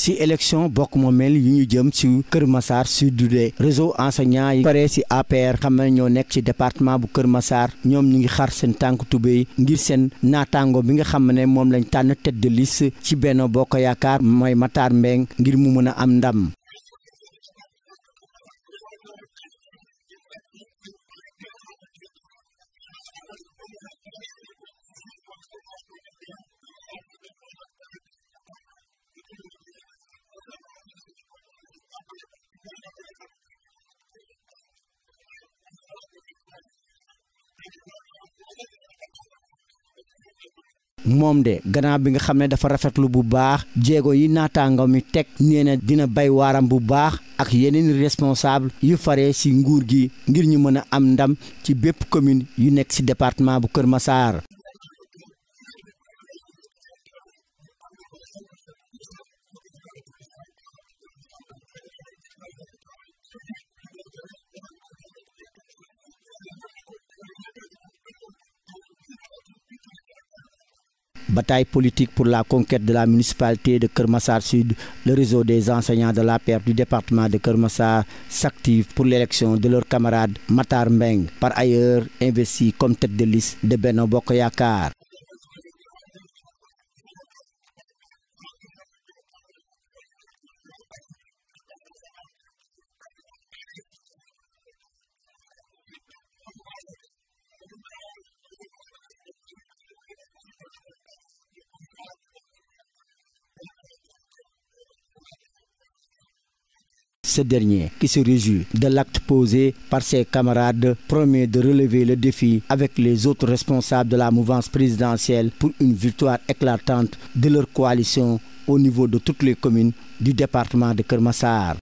si élection bokk moo mel yu ñu jëm si Kër Massar si dudee réseau enseignant yi si APR xam ne ñoo nekk ci département bu Kër Massar ñoom ñu ngi xar seen tànk tubéy ngir seen naataango bi nga xam ne moom lañ tànn tête de ci Benno Bokk Yaakaar mooy Matar Mbeng ngir mu mën a am ndam moom de gannaaw bi nga xam ne dafa rafetlu bu baax jéego yi naataangoo mi teg nee na dina bay waaram bu baax ak yeneen responsable yu fare si nguur gi ngir ñu mën a am ndam ci bépp commune yu nekk ci département bu Kër Massar. Bataille politique pour la conquête de la municipalité de Kermassar Sud, le réseau des enseignants de la paire du département de Kermassar s'active pour l'élection de leur camarade Matar Meng, par ailleurs investi comme tête de liste de Beno Bokoyakar. ce dernier, qui se réjouit de l'acte posé par ses camarades, promet de relever le défi avec les autres responsables de la mouvance présidentielle pour une victoire éclatante de leur coalition au niveau de toutes les communes du département de Kermassar.